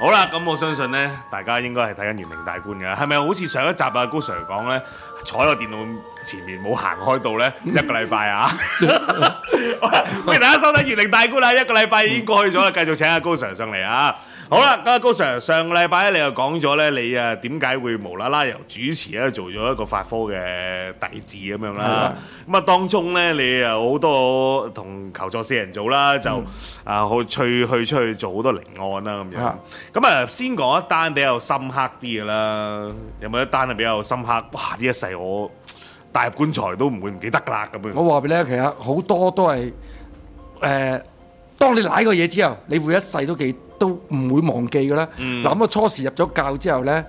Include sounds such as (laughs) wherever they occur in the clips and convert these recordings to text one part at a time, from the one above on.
好啦，咁我相信呢，大家應該係睇緊《元明大觀》嘅，係咪好似上一集阿高 Sir 講呢？坐喺個電腦前面冇行開到呢 (laughs) 一、啊 (laughs) 啊，一個禮拜啊？歡迎大家收睇《玄靈大觀》啦，一個禮拜已經過去咗啦，繼續請阿高 Sir 上嚟啊！好啦，咁啊，高 Sir，上個禮拜咧，你又講咗咧，你啊點解會無啦啦由主持咧做咗一個法科嘅弟子咁樣啦？咁的啊，當中咧，你又好多同求助四人組啦，就啊好趣去出去做好多靈案啦咁的、啊、樣。咁啊，先講一單比較深刻啲嘅啦，有冇一單係比較深刻？哇！呢一世我帶入棺材都唔會唔記得㗎啦咁樣。我話俾你聽，其實好多都係誒。呃當你瀨過嘢之後，你會一世都記，都唔會忘記噶啦。嗱，咁我初時入咗教之後咧，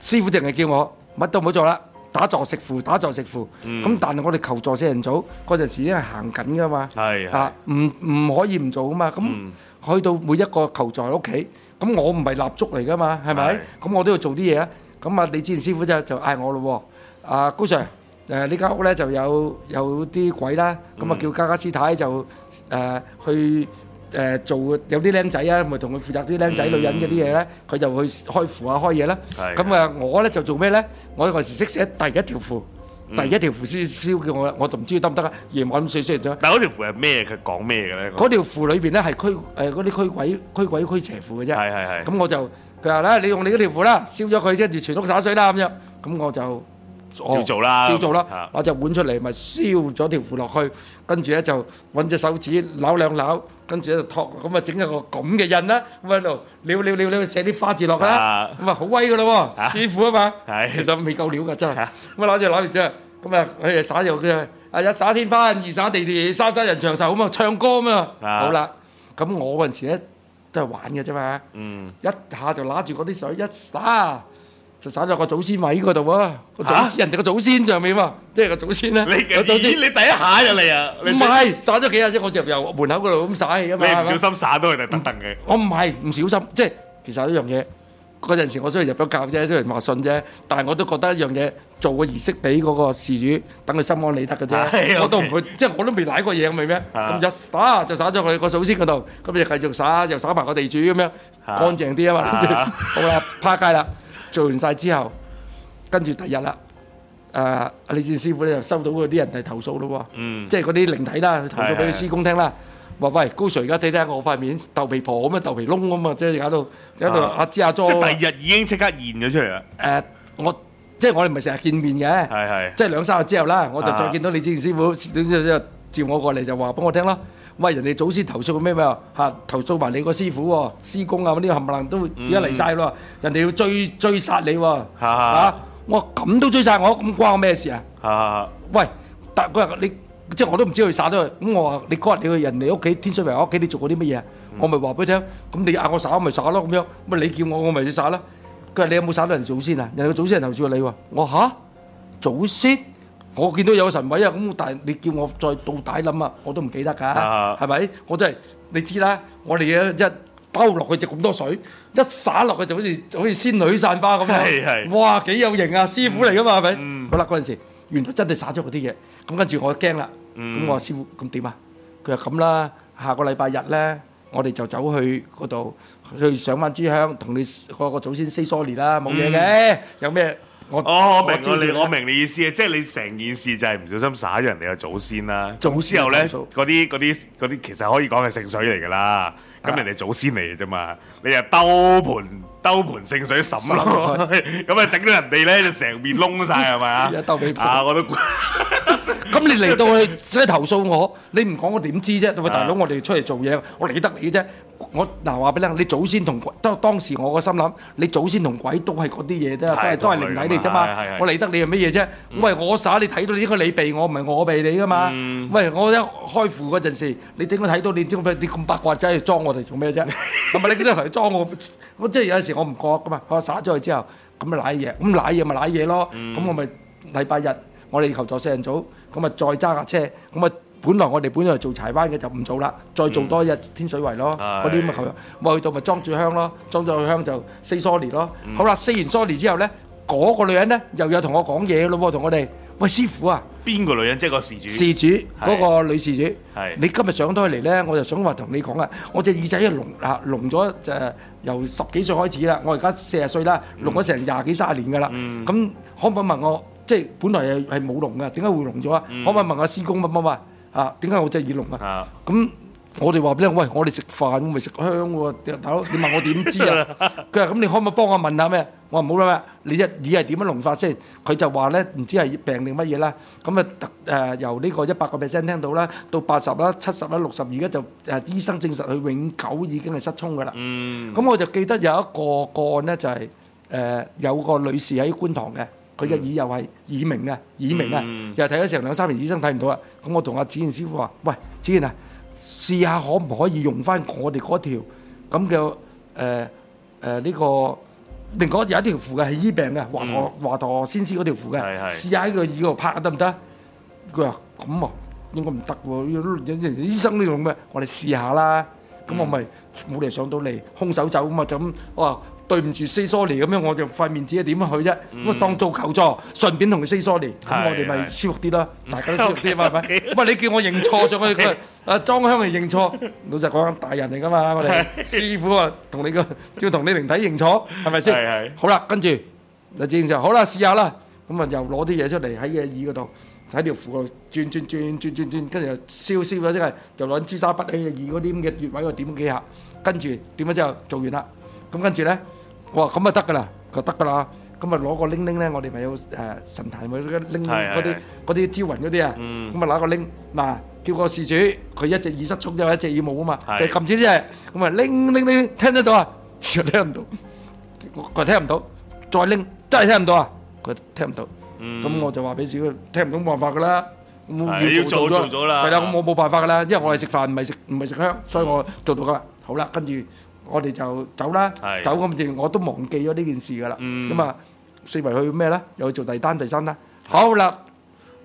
師父淨係叫我乜都唔好做啦，打坐食符，打坐食符。咁但係我哋求助四人組嗰陣時已經係行緊噶嘛，吓，唔唔可以唔做噶嘛。咁去到每一個求助喺屋企，咁我唔係蠟燭嚟噶嘛，係咪？咁我都要做啲嘢啊。咁啊，你之前師傅就就嗌我咯，阿高 Sir，誒呢間屋咧就有有啲鬼啦，咁啊叫家家師太就誒去。誒做有啲僆仔啊，咪同佢負責啲僆仔女人嗰啲嘢咧，佢就去開符啊開嘢啦。咁啊，我咧就做咩咧？我嗰陣時識寫第一條符，第一條符先燒叫我，我就唔知得唔得啊！夜晚咁水燒完咗，但嗰條符係咩？佢講咩嘅咧？嗰條符裏邊咧係驅誒嗰啲驅鬼驅鬼驅邪符嘅啫。係係係。咁我就佢話咧，你用你嗰條符啦，燒咗佢跟住全屋灑水啦咁樣。咁我就。照做啦，照做啦，攞隻碗出嚟咪燒咗條符落去，跟住咧就揾隻手指扭兩扭，跟住咧就托，咁啊整一個咁嘅印啦，咁喺度，撩撩撩撩寫啲花字落去啦，咁啊好威噶咯喎，師傅啊嘛，其實未夠料噶真係，咁啊攞住攪住攪，咁啊佢啊耍又佢啊，一耍天翻，二耍地地，三耍人長壽咁啊，唱歌啊嘛，好啦，咁我嗰陣時咧都係玩嘅啫嘛，一下就攞住嗰啲水一耍。就撒咗個祖先位嗰度啊！個祖先人哋個祖先上面嘛，即係個祖先咧。你祖先你第一下就嚟啊！唔係，撒咗幾下啫，我就由門口嗰度咁撒氣啊嘛！你唔小心撒到佢哋等等嘅。我唔係唔小心，即係其實一樣嘢嗰陣時，我雖然入咗教啫，雖然話信啫，但係我都覺得一樣嘢，做個儀式俾嗰個事主等佢心安理得嘅啫。我都唔會，即係我都未瀨過嘢咁嘅咩？咁就撒就撒咗佢個祖先嗰度，咁就繼續撒，又撒埋個地主咁樣乾淨啲啊嘛！好啦，趴街啦。做完晒之後，跟住第二日啦，誒、啊、阿李志師傅咧就收到嗰啲人嚟投訴咯，嗯、即係嗰啲靈體啦，去投訴俾啲師公聽啦，話是喂高 Sir 而家睇睇下我塊面，豆皮婆咁啊，啊，豆皮窿咁啊，即係搞到搞到阿芝阿莊。即係第二日已經即刻現咗出嚟啦。誒、啊，我即係我哋唔係成日見面嘅，是是即係兩三日之後啦，我就再見到李志師傅，師傅之後召我過嚟就話俾我聽咯。喂，人哋祖先投訴咩咩啊？嚇，投訴埋你個師傅喎，師公啊，呢啲冚唪唥都點解嚟曬㗎喎？人哋要追追殺你喎，嚇！我咁都追殺我，咁關我咩事啊？嚇！喂，但嗰日你，即係我都唔知佢殺咗佢。咁我話你嗰日你去人哋屋企天水圍屋企，你做過啲乜嘢？我咪話俾你聽。咁你嗌我殺咪殺咯，咁樣。咁你叫我我咪要殺啦。佢話你有冇殺到人祖先啊？人哋祖先投訴你喎。我嚇，祖先。我見到有神位啊，咁但係你叫我再到底諗啊，我都唔記得㗎，係咪？我真係你知啦，我哋嘅一兜落去就咁多水，一灑落去就好似好似仙女散花咁樣，哇幾有型啊！師傅嚟㗎嘛，係咪？好啦，嗰陣時原來真係灑咗嗰啲嘢，咁跟住我驚啦，咁我話師傅咁點啊？佢話咁啦，下個禮拜日咧，我哋就走去嗰度去上翻炷香，同你嗰個祖先 say sorry 啦，冇嘢嘅，有咩？我，我，我你，我明我明你意思啊！即係你成件事就係唔小心耍咗人哋嘅祖先啦，祖先又咧嗰啲嗰啲啲，其實可以講係聖水嚟噶啦，咁人哋祖先嚟嘅啫嘛，是的你又兜盤。兜盤盛水審啦，咁啊整到人哋咧就成面窿晒係咪啊？怕我都咁你嚟到去即投訴我，你唔講我點知啫？喂，大佬，我哋出嚟做嘢，我理得你啫。我嗱話俾你聽，你祖先同鬼都當時我個心諗，你祖先同鬼都係嗰啲嘢啫，都係都係靈體嚟啫嘛。我理得你係乜嘢啫？喂，我耍，你睇到應該你避我，唔係我避你噶嘛。喂，我一開戶嗰陣時，你點會睇到你點你咁八卦仔裝我哋做咩啫？係咪你咁樣嚟裝我？我即係有時。我唔覺噶嘛，我撒咗佢之後，咁咪瀨嘢，咁瀨嘢咪瀨嘢咯。咁我咪禮拜日，我哋求助四人組，咁咪再揸架車。咁啊，本來我哋本來做柴灣嘅就唔做啦，再做多一日天水圍咯。嗰啲咪求助，我去到咪裝住香咯，裝咗香就 Say Sorry 咯。好啦，Say 完 Sorry 之後咧，嗰個女人咧又有同我講嘢咯喎，同我哋。喂，師傅啊，邊個女人即係個事主？事主嗰個女事主，你今日上到嚟咧，我就想話同你講啊，我隻耳仔一聾啊，聾咗就由十幾歲開始啦，我而家四十歲啦，聾咗成廿幾三十年噶啦，咁、嗯、可唔可以問我？即係本來係係冇聾噶，點解會聾咗啊？嗯、可唔可以問下師公乜乜話啊？點解我隻耳聾啊？咁的。我哋話俾你聽，喂，我哋食飯，我咪食香喎，啊。大佬，你問我點知啊？佢話： (laughs) 咁你可唔可以幫我問下咩？我話唔好啦，你隻耳係點樣隆發先？佢就話咧，唔知係病定乜嘢啦。咁、嗯、啊、特、呃、由呢個一百個 percent 聽到啦，到八十啦，七十啦，六十，而家就誒、呃、醫生證實佢永久已經係失聰噶啦。嗯。咁我就記得有一個個案咧，就係、是、誒、呃、有個女士喺觀塘嘅，佢隻耳又係耳鳴啊，耳鳴啊，嗯、又係睇咗成兩三年，醫生睇唔到啦。咁我同阿子燕師傅話，喂，子燕啊！試下可唔可以用翻我哋嗰條咁嘅誒誒呢個，另外有一條符嘅，係醫病嘅，華佗華佗先師嗰條符嘅，試是是 下喺個耳度拍得唔得？佢話：咁啊，應該唔得喎，醫生都用嘅，我哋試下啦。咁、嗯、我咪冇理由上到嚟，空手走咁啊，就咁我話。對唔住，say sorry 咁樣，我就塊面子點樣去啫？咁啊、嗯，當做求助，順便同佢 say sorry，咁是我哋咪舒服啲咯，是大家都舒服啲，係咪 Okay, okay,？餵你叫我認錯，咗 okay, 去個阿 okay,、啊、莊香嚟認錯，老實講，大人嚟噶嘛，我哋是師傅啊，同你個要同你靈體認錯，係咪先？係係。好啦，跟住阿志英就好啦，試下啦。咁啊，又攞啲嘢出嚟喺個耳嗰度，喺條褲度轉轉轉轉轉轉，跟住又燒燒咗即係，就攞支沙筆喺個耳嗰啲咁嘅穴位度點幾下，跟住點咗之後做完啦。咁跟住咧。我話咁咪得噶啦，就得噶啦，咁咪攞個鈴鈴咧，我哋咪有誒神壇咪拎嗰啲嗰啲招魂嗰啲啊，咁咪攞個鈴，嗱叫個事主，佢一隻耳失聰，一隻耳冇啊嘛，就撳住啲嘢，咁咪鈴鈴鈴，聽得到啊？實聽唔到，佢聽唔到，再鈴真係聽唔到啊！佢聽唔到，咁我就話俾佢聽唔到冇辦法噶啦，要做到咗，係啦，我冇辦法噶啦，因為我係食飯唔係食唔係食香，所以我做到噶啦，好啦，跟住。我哋就走啦，是的 走咁正，我都忘記咗呢件事噶啦。咁啊、嗯，四圍去咩咧？又去做第二單、第三單、啊。好啦，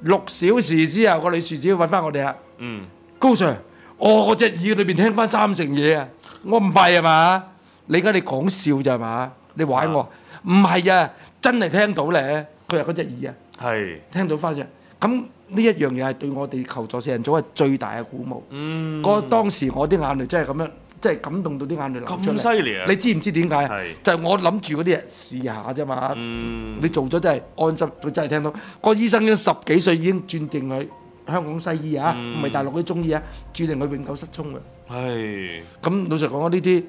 六小時之後個女士只要揾翻我哋啊。嗯、高 Sir，我嗰隻耳裏邊聽翻三成嘢啊！我唔係啊嘛？你而家你講笑咋係嘛？你玩我？唔係啊，啊，真係聽到咧、啊。佢話嗰隻耳啊，係是的 聽到翻嘅。咁呢一樣嘢係對我哋求助四人組係最大嘅鼓舞。嗰、嗯、當時我啲眼淚真係咁樣。即係感動到啲眼淚流出嚟，咁犀利啊？你知唔知點解啊？就係我諗住嗰啲嘢試下啫嘛。你做咗真係安心，佢真係聽到。個醫生已經十幾歲已經鑽定佢香港西醫啊，唔係大陸嗰啲中醫啊，鑽定佢永久失聰嘅。係。咁老實講，呢啲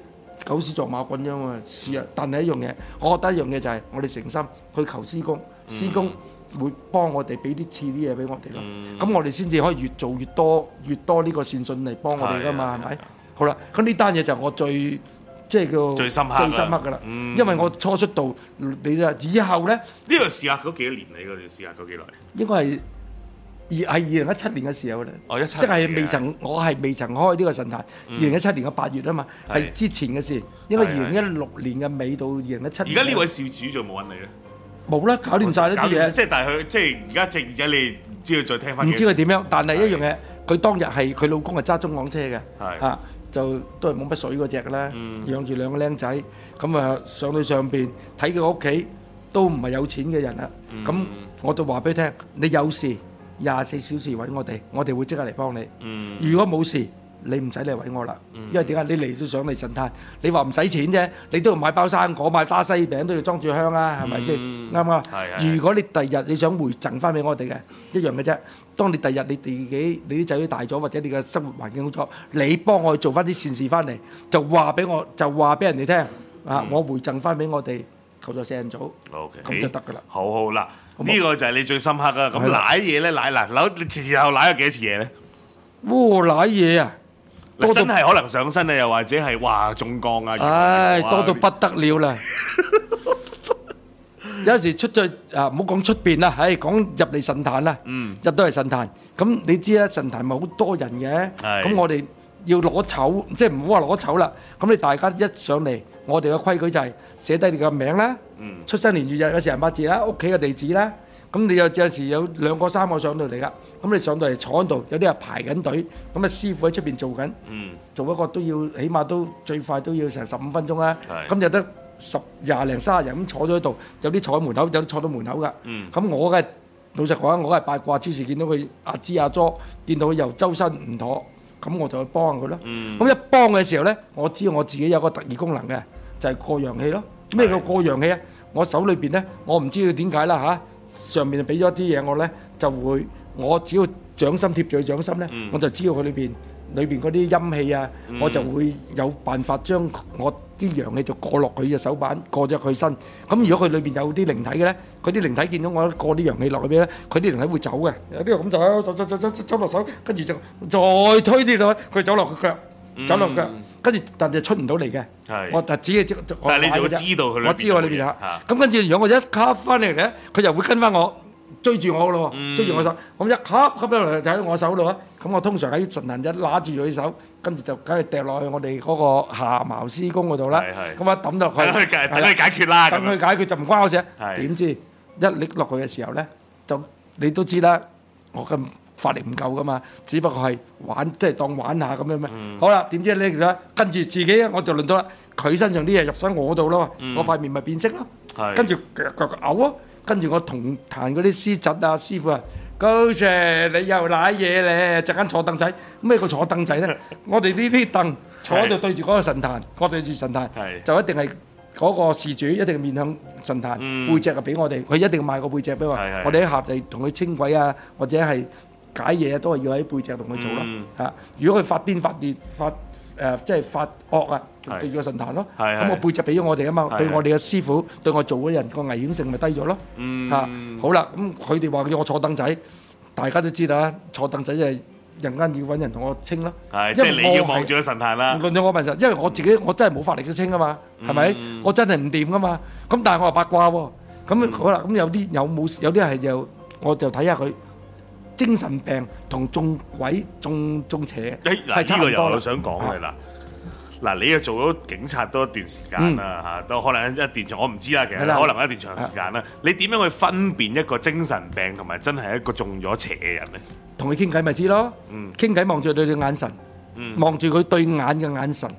狗屎撞馬棍啫嘛。試啊，但係一樣嘢，我覺得一樣嘢就係我哋誠心去求師公，師公會幫我哋俾啲次啲嘢俾我哋咯。咁我哋先至可以越做越多，越多呢個善信嚟幫我哋㗎嘛？係咪？好啦，咁呢單嘢就係我最即係叫最深刻、最深刻噶啦，因為我初出道，你話以後咧呢段時下嗰幾年，你嗰段時間嗰幾耐？應該係二係二零一七年嘅時候咧，即係未曾我係未曾開呢個神壇。二零一七年嘅八月啊嘛，係之前嘅事。因為二零一六年嘅尾到二零一七年。而家呢位少主就冇揾你咧？冇啦，搞亂晒呢啲嘢。即係但係佢即係而家即係，你唔知佢再聽翻。唔知佢點樣？但係一樣嘢，佢當日係佢老公係揸中港車嘅，嚇。就都係冇乜水嗰隻啦，養住兩個僆仔，咁啊上到上邊睇佢屋企都唔係有錢嘅人啦，咁、嗯、我就話俾你聽，你有事廿四小時揾我哋，我哋會即刻嚟幫你。嗯、如果冇事。你唔使嚟揾我啦，因為點解你嚟都想嚟神探？你話唔使錢啫，你都要買包生果，買巴西餅都要裝住香啊，係咪先？啱唔啱？如果你第日你想回贈翻俾我哋嘅一樣嘅啫。當你第日你自己你啲仔女大咗，或者你嘅生活環境好咗，你幫我去做翻啲善事翻嚟，就話俾我就話俾人哋聽啊！我回贈翻俾我哋，求助聖祖，咁就得㗎啦。好好啦，呢個就係你最深刻嘅。咁瀨嘢咧瀨嗱，你前後瀨咗幾多次嘢咧？我瀨嘢啊！真係可能上身啊，又或者係話中降啊，唉，多到不得了啦！有時出咗啊，唔好講出邊啦，唉，講入嚟神壇啦，嗯，入到嚟神壇，咁你知啦，神壇咪好多人嘅，係咁我哋要攞籌，即係唔好話攞籌啦。咁你大家一上嚟，我哋嘅規矩就係寫低你嘅名啦，嗯，出生年月日嘅時辰八字啦，屋企嘅地址啦。咁你有陣時有兩個三個上到嚟㗎，咁你上到嚟坐喺度，有啲係排緊隊，咁啊師傅喺出邊做緊，嗯、做一個都要起碼都最快都要成十五分鐘啦，啊。咁入得十廿零卅人咁坐咗喺度，有啲坐喺門口，有啲坐到門口㗎。咁、嗯、我嘅老實講，我係八卦，諸事見到佢阿芝阿 jo，見到佢又周身唔妥，咁我就去幫佢咯。咁、嗯、一幫嘅時候呢，我知道我自己有個特異功能嘅，就係、是、過陽氣咯。咩叫過陽氣啊？是我手裏邊呢，我唔知佢點解啦嚇。啊上面俾咗啲嘢我咧，就會我只要掌心貼住佢掌心咧，我就知道佢裏邊裏邊嗰啲陰氣啊，我就會有辦法將我啲陽氣就過落佢隻手板，過咗佢身。咁如果佢裏邊有啲靈體嘅咧，佢啲靈體見到我過啲陽氣落去邊咧，佢啲靈體會走嘅。有啲人咁走，走走走走走落手，跟住就再推啲落去，佢走落佢腳。走落腳，跟住但係就出唔到嚟嘅。係，我就只係即。但係你就會知道佢啦。我知道我呢邊嚇。咁跟住，如果我一卡翻嚟咧，佢就會跟翻我追住我嘅咯。追住我手，我一卡吸咗落嚟就喺我手度啊。咁我通常喺神行者拉住佢手，跟住就梗係掉落去我哋嗰個下茅斯宮嗰度啦。係係。咁一抌落去，係咯，解決啦。咁佢解決就唔關我事。係。點知一拎落去嘅時候咧，就你都知啦。我咁。法力唔夠噶嘛？只不過係玩，即係當玩下咁樣咩？好啦，點知咧，其實跟住自己，我就輪到啦。佢身上啲嘢入身我度啦嘛，我塊面咪變色咯。跟住腳腳嘔啊！跟住我同壇嗰啲師侄啊、師傅啊，高 Sir 你又瀨嘢咧！陣間坐凳仔。咁咩叫坐凳仔咧？我哋呢啲凳坐喺度對住嗰個神壇，我對住神壇就一定係嗰個事主一定面向神壇，背脊啊俾我哋。佢一定賣個背脊俾我。我哋一合就同佢清鬼啊，或者係。解嘢都係要喺背脊同佢做咯。嗯。如果佢發癲發裂發誒，即係發惡啊，對住個神壇咯。係，係。咁我背脊俾咗我哋啊嘛，對我哋嘅師傅對我做嘅人個危險性咪低咗咯。嗯。好啦，咁佢哋話叫我坐凳仔，大家都知道啦，坐凳仔就係人間要揾人同我清咯。係，即係你要望住個神壇啦。我神壇，因為我自己我真係冇法力去清啊嘛，係咪？我真係唔掂噶嘛。咁但係我話八卦喎。咁好啦，咁有啲有冇有啲係就我就睇下佢。精神病同中鬼中中邪，係呢個人我想講嘅啦。嗱，你又做咗警察多一段時間啦，吓都可能一段長，我唔知啦，其實可能一段長時間啦。你點樣去分辨一個精神病同埋真係一個中咗邪嘅人咧？同佢傾偈咪知咯，傾偈望住佢對眼嘅眼神，望住佢對眼嘅眼神。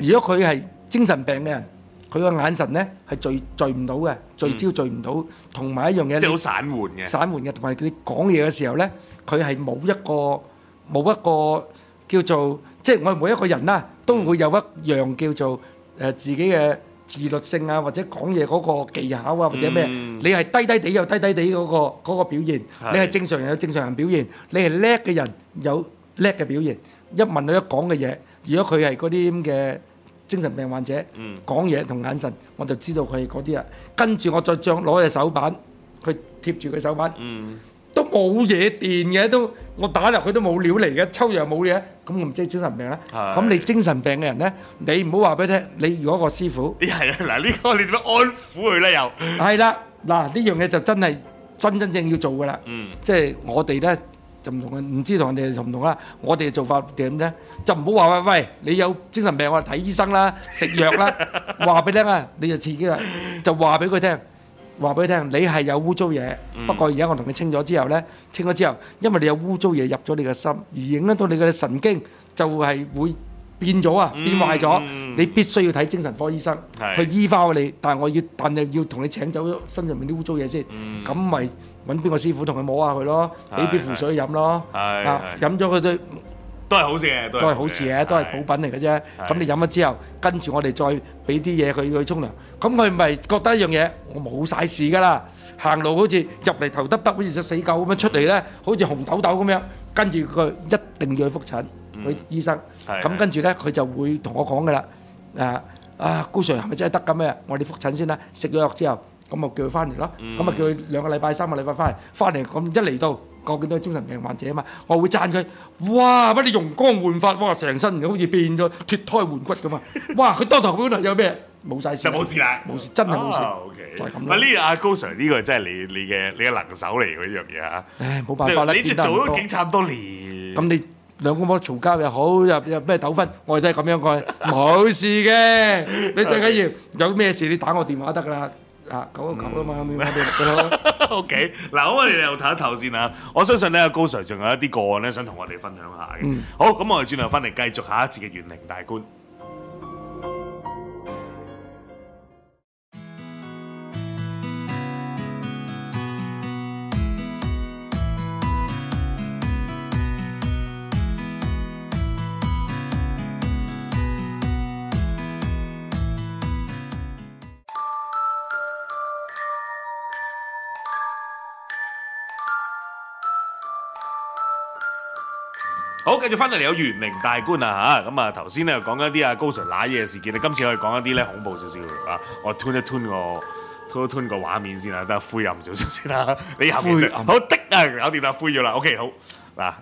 如果佢係精神病嘅人。佢個眼神呢係聚聚唔到嘅，聚焦聚唔到，同埋、嗯、一樣嘢即係好散緩嘅，散緩嘅，同埋佢講嘢嘅時候呢，佢係冇一個冇一個叫做即係我哋每一個人啦、啊，都會有一樣叫做誒、呃、自己嘅自律性啊，或者講嘢嗰個技巧啊，或者咩？嗯、你係低低哋，有低低哋嗰、嗰個嗰個表現，是你係正常人有正常人表現，你係叻嘅人有叻嘅表現。一問佢一講嘅嘢，如果佢係嗰啲咁嘅。精神病患者講嘢同眼神，我就知道佢係嗰啲人。跟住我再將攞隻手板，佢貼住佢手板，都冇嘢電嘅，都我打入去都冇料嚟嘅，抽又冇嘢，咁我唔知係精神病啦。咁你精神病嘅人咧，你唔好話俾佢聽。你如果個師傅，係啊，嗱呢個你點樣安撫佢咧？又係啦，嗱呢樣嘢就真係真真正正要做㗎啦。即係我哋咧。就唔同啊，唔知同人哋係同唔同啦。我哋做法點啫？就唔好話喂喂，你有精神病，我哋睇醫生啦，食藥啦。話俾 (laughs) 你聽啊，你就自己啊，就話俾佢聽，話俾佢聽，你係有污糟嘢。不過而家我同你清咗之後呢，清咗之後，因為你有污糟嘢入咗你嘅心，而影響到你嘅神經，就係會。變咗啊！變壞咗，你必須要睇精神科醫生，去醫翻我你。但係我要，但係要同你請走身上面啲污糟嘢先。咁咪搵邊個師傅同佢摸下佢咯，俾啲符水飲咯。啊，飲咗佢都都係好事嘅，都係好事嘅，都係補品嚟嘅啫。咁你飲咗之後，跟住我哋再俾啲嘢佢去沖涼，咁佢咪覺得一樣嘢，我冇晒事㗎啦。行路好似入嚟頭耷耷，好似隻死狗咁樣出嚟咧，好似紅豆豆咁樣。跟住佢一定要去覆診。佢醫生咁跟住咧，佢就會同我講㗎啦。誒啊，高 Sir 係咪真係得㗎咩？我哋覆診先啦。食咗藥之後，咁我叫佢翻嚟咯。咁啊叫佢兩個禮拜、三個禮拜翻嚟。翻嚟咁一嚟到，我見到精神病患者啊嘛，我會讚佢。哇！乜你容光煥發，哇！成身好似變咗脫胎換骨咁啊！哇！佢多頭骨嗰度有咩？冇晒事就冇事啦，冇事真係冇事。就係咁。OK，咁呢，阿高 Sir 呢個真係你你嘅你嘅能手嚟嘅呢樣嘢吓。唉，冇辦法啦，你哋做咗警察多年。咁你兩公婆嘈交又好，又又咩糾紛，我哋都係咁樣講，冇事嘅。你最緊要有咩事，你打我電話得㗎啦。啊，溝溝埋啱啱啲嘢啦。OK，嗱，咁我哋又唞一唞先啦。我相信咧，阿高 Sir 仲有一啲個案咧，想同我哋分享下嘅。好，咁我哋轉頭翻嚟繼續下一節嘅玄靈大觀。跟住翻到嚟有玄靈大觀啊，嚇，咁啊頭先咧講一啲啊高 Sir 瀨嘢事件，今次我哋講一啲咧恐怖少少嘅啊，我 turn 一 turn 個 turn turn 個畫面先啊，得灰暗少少先啦。你後面好的啊，搞掂啦，灰咗啦。OK 好嗱，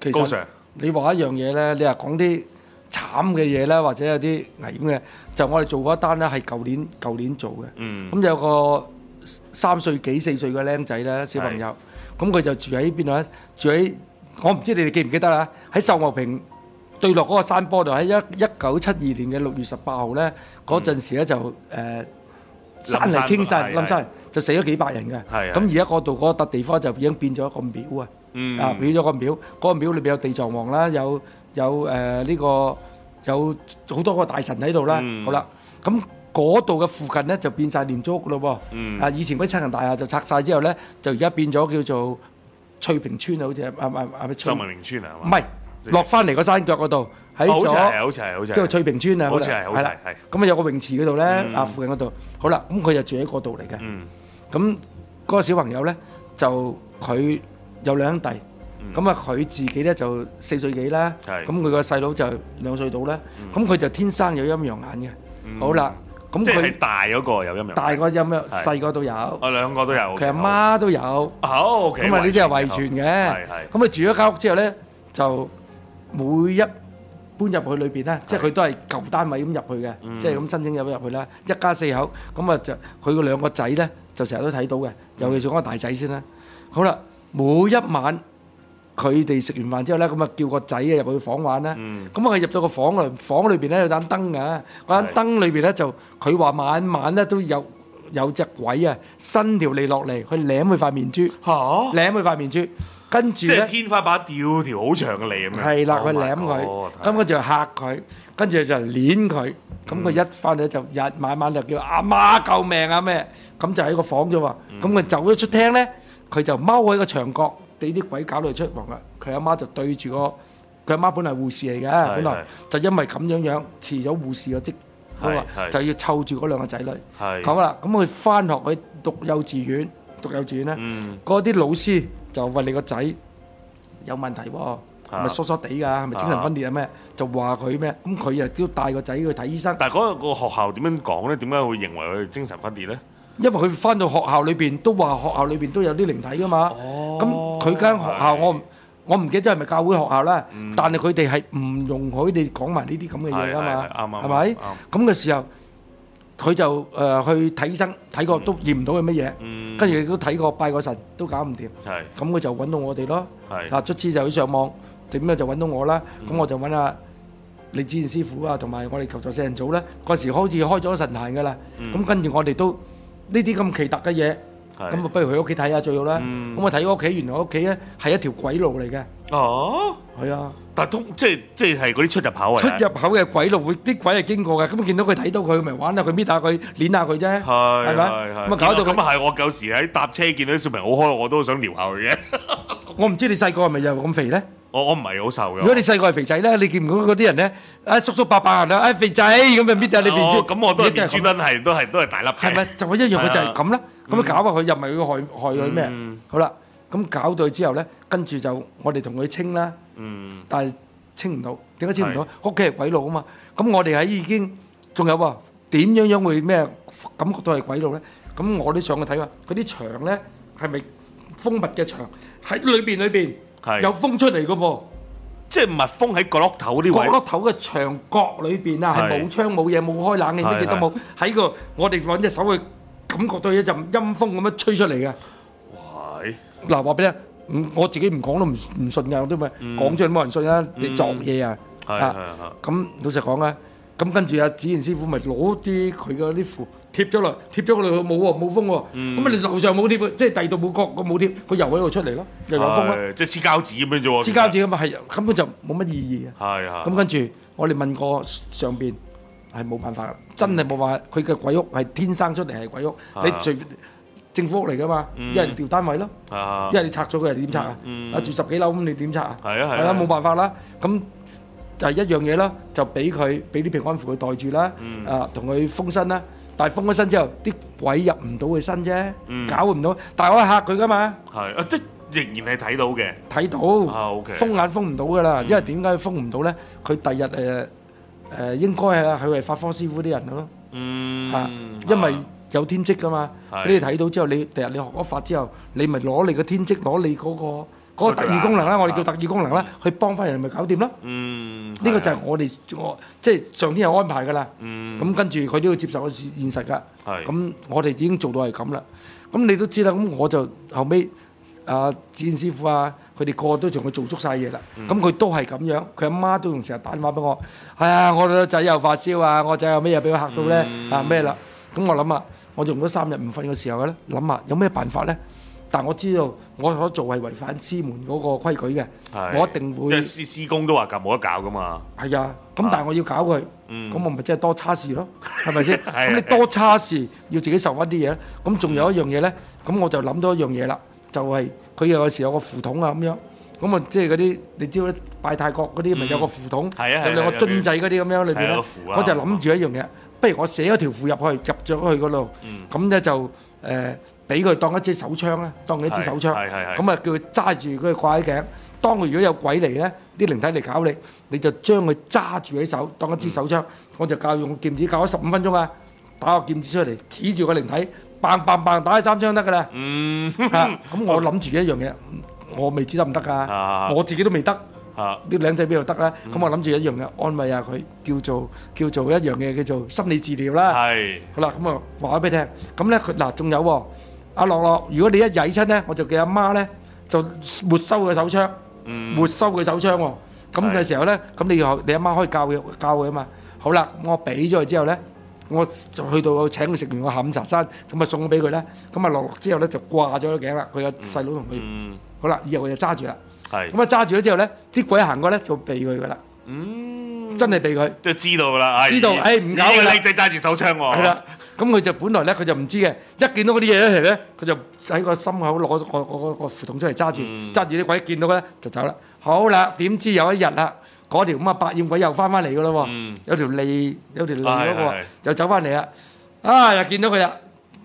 其實，高 Sir，你話一樣嘢咧，你話講啲慘嘅嘢咧，或者有啲危險嘅，就我哋做嗰單咧，係舊年舊年做嘅。嗯，咁就有個三歲幾四歲嘅僆仔咧，小朋友，咁佢就住喺邊度咧？住喺我唔知你哋記唔記得啦，喺秀茂坪對落嗰個山坡度，喺一一九七二年嘅六月十八號咧，嗰陣時咧就誒山嚟傾曬，冧曬，就死咗幾百人嘅。咁而家嗰度嗰個笪地方就已經變咗一個廟啊，啊變咗個廟，嗰個廟裏邊有地藏王啦，有有誒呢個有好多個大神喺度啦。好啦，咁嗰度嘅附近咧就變曬廉租屋咯喎，啊以前嗰七層大廈就拆曬之後咧，就而家變咗叫做。翠屏村啊，好似啊啊啊，秀明泳村啊，唔係落翻嚟個山腳嗰度，喺咗，跟住翠屏村啊，好似係，好似係，咁啊有個泳池嗰度咧，啊附近嗰度，好啦，咁佢就住喺嗰度嚟嘅，咁嗰個小朋友咧就佢有兩兄弟，咁啊佢自己咧就四歲幾啦，咁佢個細佬就兩歲到啦，咁佢就天生有陰陽眼嘅，好啦。咁佢大嗰個有陰陽，大個陰陽，細個都有，我兩個都有，佢阿媽都有，好咁啊！呢啲係遺傳嘅，咁啊住咗間屋之後咧，就每一搬入去裏邊咧，即係佢都係舊單位咁入去嘅，即係咁申請入入去啦。一家四口，咁啊就佢個兩個仔咧，就成日都睇到嘅，尤其是嗰個大仔先啦。好啦，每一晚。佢哋食完飯之後咧，咁啊叫個仔啊入去房玩咧。咁啊佢入到個房啊，房裏邊咧有盞燈嘅。嗰盞燈裏邊咧就佢話晚晚咧都有有隻鬼啊，伸條脷落嚟去舐佢塊面珠。嚇！舐佢塊面珠，跟住即係天花板吊條好長嘅脷咁樣。係啦了，佢舐佢，咁我看就嚇佢，跟住就攆佢。咁佢一翻嚟，就日晚晚就叫阿媽救命啊咩？咁就喺個房啫喎。咁佢走咗出廳咧，佢就踎喺個牆角。俾啲鬼搞到佢出亡啦！佢阿媽就對住個佢阿媽本嚟護士嚟嘅，本來就因為咁樣樣辭咗護士嘅職，佢話就要湊住嗰兩個仔女。係咁啦，咁佢翻學去讀幼稚園，讀幼稚園咧，嗰啲老師就話你個仔有問題喎，係咪疏疏地㗎？係咪精神分裂啊？咩就話佢咩？咁佢又都帶個仔去睇醫生。但係嗰個學校點樣講咧？點解會認為佢係精神分裂咧？因為佢翻到學校裏邊都話學校裏邊都有啲靈體噶嘛，咁佢間學校我我唔記得係咪教會學校啦，但係佢哋係唔容許你講埋呢啲咁嘅嘢噶嘛，係咪？咁嘅時候佢就誒去睇醫生，睇過都驗唔到佢乜嘢，跟住都睇過拜過神都搞唔掂，咁佢就揾到我哋咯，啊，卒之就去上網，點樣就揾到我啦，咁我就揾啊，李志賢師傅啊同埋我哋求助四人組咧，嗰時開始開咗神壇噶啦，咁跟住我哋都。呢啲咁奇特嘅嘢，咁啊是的 不如去屋企睇下最好啦。咁、嗯、我睇屋企，原來屋企咧係一條鬼路嚟嘅。哦，係啊，是的 但係通即係即係係嗰啲出入口啊。出入口嘅鬼路、嗯、會啲鬼啊經過嘅，咁啊見到佢睇到佢，咪玩下佢搣下佢，捻下佢啫。係係咪咁啊搞到咁啊係，我舊時喺搭車見到啲小朋友好開，我都想撩下佢嘅。我唔知你細個係咪又咁肥咧？我我唔係好瘦㗎。如果你細個係肥仔咧，你見唔到嗰啲人咧，啊叔叔伯伯啊，啊肥仔咁啊，邊啊你邊？咁我都係專登係都係都係大粒。係咪就係一樣？佢就係咁啦。咁樣搞啊，佢又唔係要害害佢咩？好啦，咁搞到佢之後咧，跟住就我哋同佢清啦。嗯。但係清唔到，點解清唔到？屋企係鬼路啊嘛。咁我哋喺已經，仲有喎，點樣樣會咩？感覺到係鬼路咧。咁我哋上去睇下，嗰啲牆咧係咪蜂蜜嘅牆？喺裏邊裏邊。有風出嚟嘅噃，即係密封喺角落頭呢位角落頭嘅牆角裏邊啊，係冇窗冇嘢冇開冷氣，乜嘢都冇，喺個我哋揾隻手去感覺到一陣陰風咁樣吹出嚟嘅。喂，嗱話俾你，唔我自己唔講都唔唔信㗎，我都咪講咗都冇人信啦。你作嘢啊，嚇咁老實講啊，咁跟住阿子賢師傅咪攞啲佢嘅呢啲符。貼咗落，貼咗嗰度冇喎，冇封喎。咁啊，你樓上冇貼，即係第二度冇角個冇貼，佢又喺度出嚟咯，又有封啦。即係黐膠紙咁樣啫，黐膠紙啊嘛，係根本就冇乜意義嘅。係啊。咁跟住我哋問過上邊，係冇辦法，真係冇話佢嘅鬼屋係天生出嚟係鬼屋。你住政府屋嚟噶嘛，一係調單位咯。啊。一係你拆咗佢又點拆啊？啊住十幾樓咁你點拆啊？係啊，係啊。係啦，冇辦法啦。咁就係一樣嘢啦，就俾佢俾啲平安符佢袋住啦。嗯。啊，同佢封身啦。但係封咗身之後，啲鬼入唔到佢身啫，搞唔到。但係我係嚇佢噶嘛，係啊，即係仍然係睇到嘅，睇到。啊，OK。封眼封唔到噶啦，因為點解封唔到咧？佢第日誒誒應該係啦，佢係法科師傅啲人咯。嗯。嚇，因為有天職噶嘛，俾你睇到之後，你第日你學咗法之後，你咪攞你個天職，攞你嗰個。嗰個特異功能啦，我哋叫特異功能啦，嗯、去幫翻人咪搞掂咯。嗯，呢個就係我哋、啊、我即係、就係、上天有安排㗎啦。嗯，咁跟住佢都要接受個現現實㗎。係、嗯，咁我哋已經做到係咁啦。咁你都知啦，咁我就後尾，啊、呃，志賢師傅啊，佢哋個個都同佢做足晒嘢啦。咁佢、嗯、都係咁樣，佢阿媽都仲成日打電話俾我，係、哎、啊，我個仔又發燒啊，我仔又咩嘢俾佢嚇到咧啊咩啦？咁我諗啊，我用咗三日唔瞓嘅時候咧，諗啊，有咩辦法咧？但我知道我所做係違反師門嗰個規矩嘅，我一定會。師公都話冇得搞噶嘛。係啊，咁但係我要搞佢，咁我咪即係多差事咯，係咪先？咁你多差事要自己受翻啲嘢咧。咁仲有一樣嘢呢，咁我就諗到一樣嘢啦，就係佢有時有個符筒啊咁樣，咁啊即係嗰啲你知啦，拜泰國嗰啲咪有個符筒，有兩個樽仔嗰啲咁樣裏邊咧，我就諗住一樣嘢，不如我寫一條符入去，入咗去嗰度，咁呢就誒。俾佢當一支手槍咧，當佢一支手槍，咁啊叫佢揸住佢掛喺頸。當佢如果有鬼嚟咧，啲靈體嚟搞你，你就將佢揸住佢手，當一支手槍。我就教用劍指教咗十五分鐘啊，打個劍指出嚟指住個靈體，bang bang bang 打起三槍得噶啦。嚇！咁我諗住嘅一樣嘢，我未知得唔得噶？我自己都未得。啲靚仔邊度得咧？咁我諗住一樣嘢安慰下佢，叫做叫做一樣嘢叫做心理治療啦。係。好啦，咁啊話咗俾你聽。咁咧佢嗱仲有喎。阿樂樂，如果你一曳親咧，我就叫阿媽咧，就沒收佢手槍，沒收佢手槍喎。咁嘅時候咧，咁你要你阿媽可以教佢教佢啊嘛。好啦，我俾咗佢之後咧，我就去到請佢食完個下午茶餐，咁啊送咗俾佢啦。咁啊樂樂之後咧就掛咗個頸啦，佢個細佬同佢。好啦，以後佢就揸住啦。係。咁啊揸住咗之後咧，啲鬼行過咧就避佢噶啦。嗯。真係避佢。都知道噶啦。知道，哎唔搞佢啦。呢個靚仔揸住手槍喎。係啦。咁佢就本來咧，佢就唔知嘅，一見到嗰啲嘢出嚟咧，佢就喺個心口攞個個個個符筒出嚟揸住，揸住啲鬼見到佢咧就走啦。好啦，點知有一日啦，嗰條咁啊百厭鬼又翻翻嚟噶咯喎，有條脷有條脷嗰個又走翻嚟啦，啊又見到佢啦，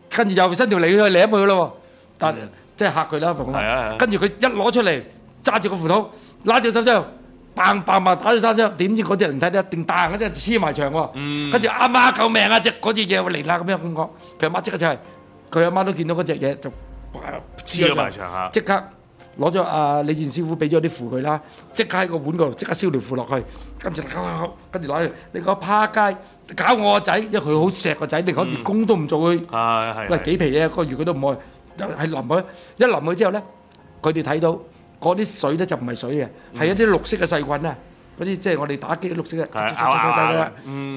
跟住又伸條脷去舐佢咯，但即係嚇佢啦，馮啦，跟住佢一攞出嚟揸住個符筒，拉住個手之嘭嘭嘭打咗三張，點知嗰隻靈體咧定彈嗰隻黐埋牆喎。跟住阿媽救命啊！只嗰隻嘢會嚟啦咁樣咁講，佢阿媽即刻就係佢阿媽都見到嗰隻嘢就黐咗埋牆嚇，即刻攞咗阿李健師傅俾咗啲符佢啦，即刻喺個碗嗰度即刻燒條符落去，跟住攪攪攪，跟住攞去你講趴街搞我個仔，因為佢好錫個仔，你講連工都唔做佢，係係喂幾皮嘢個月佢都唔去，就係淋佢一淋佢之後咧，佢哋睇到。嗰啲水咧就唔係水嘅，係一啲綠色嘅細菌啊！嗰啲即係我哋打擊嘅綠色嘅，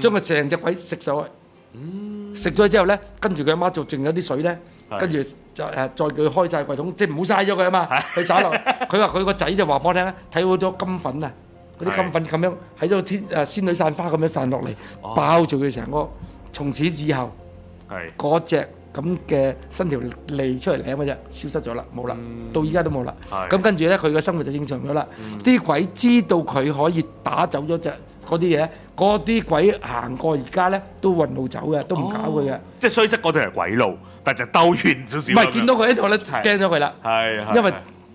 將佢成隻鬼食曬，食咗之後咧，跟住佢阿媽就剩咗啲水咧，跟住再誒再叫佢開曬櫃桶，即係唔好嘥咗佢啊嘛！佢撒落，佢話佢個仔就話俾我聽啊，睇好多金粉啊，嗰啲金粉咁樣喺咗天誒仙女散花咁樣散落嚟，包住佢成個，從此以後嗰隻。咁嘅伸條脷出嚟舐嘅啫，消失咗啦，冇啦，嗯、到依家都冇啦。咁是的 跟住咧，佢嘅生活就正常咗啦。啲、嗯、鬼知道佢可以打走咗隻嗰啲嘢，嗰啲鬼行過而家咧都運路走嘅，都唔搞佢嘅。即係雖則嗰條係鬼路，但就兜圈少少。唔係見到佢呢度咧驚咗佢啦，因為。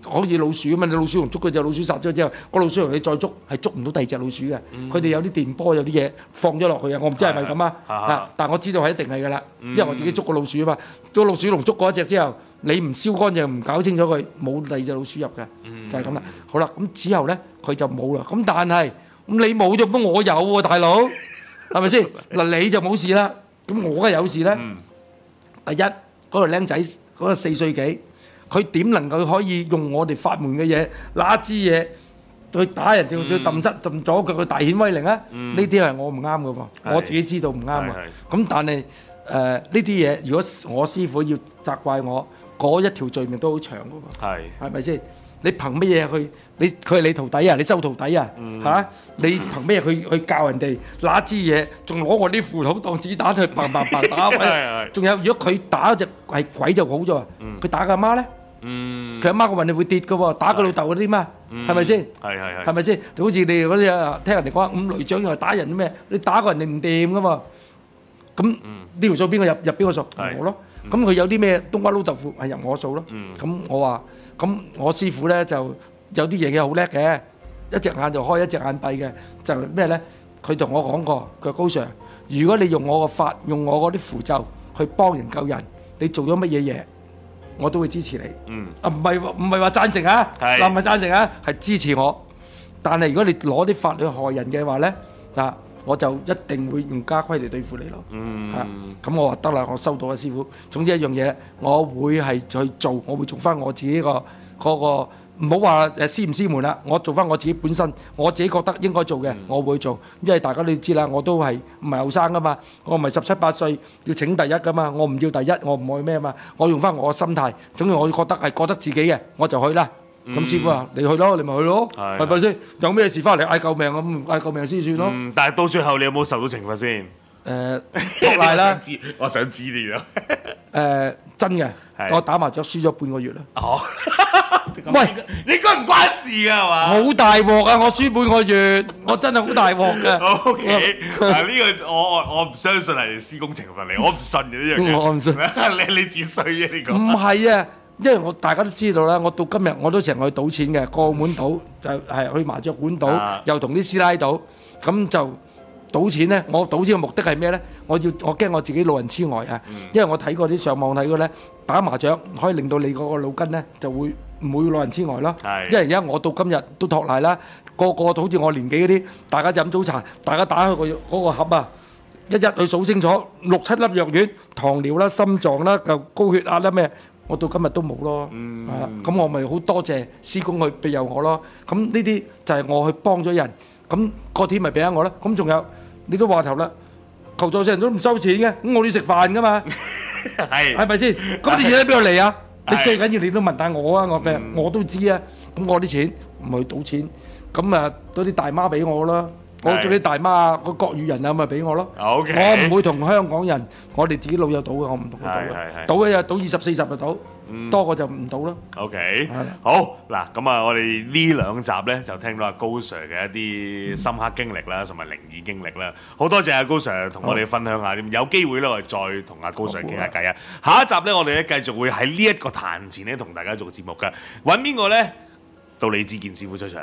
好似老鼠咁啊！你老鼠籠捉嗰隻老鼠殺咗之後，個老鼠籠你再捉係捉唔到第二隻老鼠嘅。佢哋有啲電波，有啲嘢放咗落去啊！我唔知係咪咁啊，但我知道係一定係噶啦，因為我自己捉過老鼠啊嘛。捉老鼠籠捉過一隻之後，你唔燒乾淨唔搞清楚佢，冇第二隻老鼠入嘅，就係咁啦。好啦，咁之後咧佢就冇啦。咁但係咁你冇咗，咁我有喎，大佬，係咪先？嗱，你就冇事啦，咁我梗係有事咧。第一嗰個僆仔嗰個四歲幾？佢點能夠可以用我哋法門嘅嘢，攞支嘢去打人，仲再揼出揼咗佢去大顯威靈啊？呢啲係我唔啱㗎喎，是我自己知道唔啱啊。咁但係誒呢啲嘢，如果我師傅要責怪我，嗰一條罪名都好長㗎喎。係係咪先？你憑乜嘢去？你佢係你徒弟啊？你收徒弟啊？嚇！你憑咩去去教人哋拿支嘢？仲攞我啲符筒當子打佢？砰砰砰打鬼！仲有，如果佢打只係鬼就好咗。佢打佢阿媽咧？佢阿媽，個運你會跌嘅喎。打佢老豆嗰啲咩？係咪先？係係係。係咪先？好似你嗰啲啊，聽人哋講五雷掌又打人咩？你打過人哋唔掂嘅嘛。咁呢條數邊個入入邊個數我咯。咁佢有啲咩冬瓜老豆腐係入我數咯。咁我話。咁我師傅呢就有啲嘢嘅好叻嘅，一隻眼就開，一隻眼閉嘅，就咩呢？佢同我講過，佢話高 Sir，如果你用我個法，用我嗰啲符咒去幫人救人，你做咗乜嘢嘢，我都會支持你。嗯。啊，唔係唔係話贊成啊？係。嗱，唔係贊成啊，係支持我。但係如果你攞啲法去害人嘅話呢？嗱、啊。我就一定會用家規嚟對付你咯。嗯，咁我話得啦，我收到啊，師傅。總之一樣嘢，我會係去做，我會做翻我自己個嗰個，唔好話師唔師門啦。我做翻我自己本身，我自己覺得應該做嘅，我會做。因為大家你知啦，我都係唔係後生㗎嘛，我唔係十七八歲要請第一㗎嘛，我唔要第一，我唔愛咩嘛，我用翻我嘅心態，總之我覺得係覺得自己嘅，我就去啦。咁師傅啊，你去咯，你咪去咯，係咪先？有咩事翻嚟嗌救命啊？咁嗌救命先算咯。嗯，但係到最後你有冇受到懲罰先？誒，托賴啦！我想知呢樣。誒，真嘅，我打麻雀輸咗半個月啦。哦，喂，應該唔關事㗎係嘛？好大鑊啊！我輸半個月，我真係好大鑊嘅。O K，嗱呢個我我我唔相信係施工懲罰嚟，我唔信嘅呢樣嘢。我唔信。你你自衰啊！呢個。唔係啊。因為我大家都知道咧，我到今日我都成日去賭錢嘅，澳門賭就係去麻雀館賭，又同啲師奶賭，咁就賭錢咧。我賭錢嘅目的係咩咧？我要我驚我自己老人痴呆啊！因為我睇過啲上網睇過咧，打麻雀可以令到你嗰個腦筋咧就會唔會老人痴呆咯。因為而家我到今日都託賴啦，個個好似我年紀嗰啲，大家就飲早茶，大家打開個嗰個盒啊，一一去數清楚六七粒藥丸、糖尿啦、心臟啦，就高血壓啦咩？我到今日都冇咯，啊，咁我咪好多謝師公去庇佑我咯。咁呢啲就係我去幫咗人，咁個錢咪俾下我咯。咁仲有你都話頭啦，求助者人都唔收錢嘅，咁我要食飯噶嘛，係係咪先？咁啲錢喺邊度嚟啊？你最緊要你都問下我啊，我嘅我都知啊。咁我啲錢唔去賭錢，咁啊多啲大媽俾我啦。我做啲大媽啊，個國語人啊，咪俾我咯。我唔會同香港人，我哋自己老友賭嘅，我唔同佢賭嘅。賭一日賭二十四十就賭，多個就唔賭咯。OK，好嗱，咁啊，我哋呢兩集咧就聽到阿高 Sir 嘅一啲深刻經歷啦，同埋靈異經歷啦。好多謝阿高 Sir 同我哋分享下，有機會咧我哋再同阿高 Sir 傾下偈啊。下一集咧我哋咧繼續會喺呢一個壇前咧同大家做節目嘅，揾邊個咧到李志健師傅出場？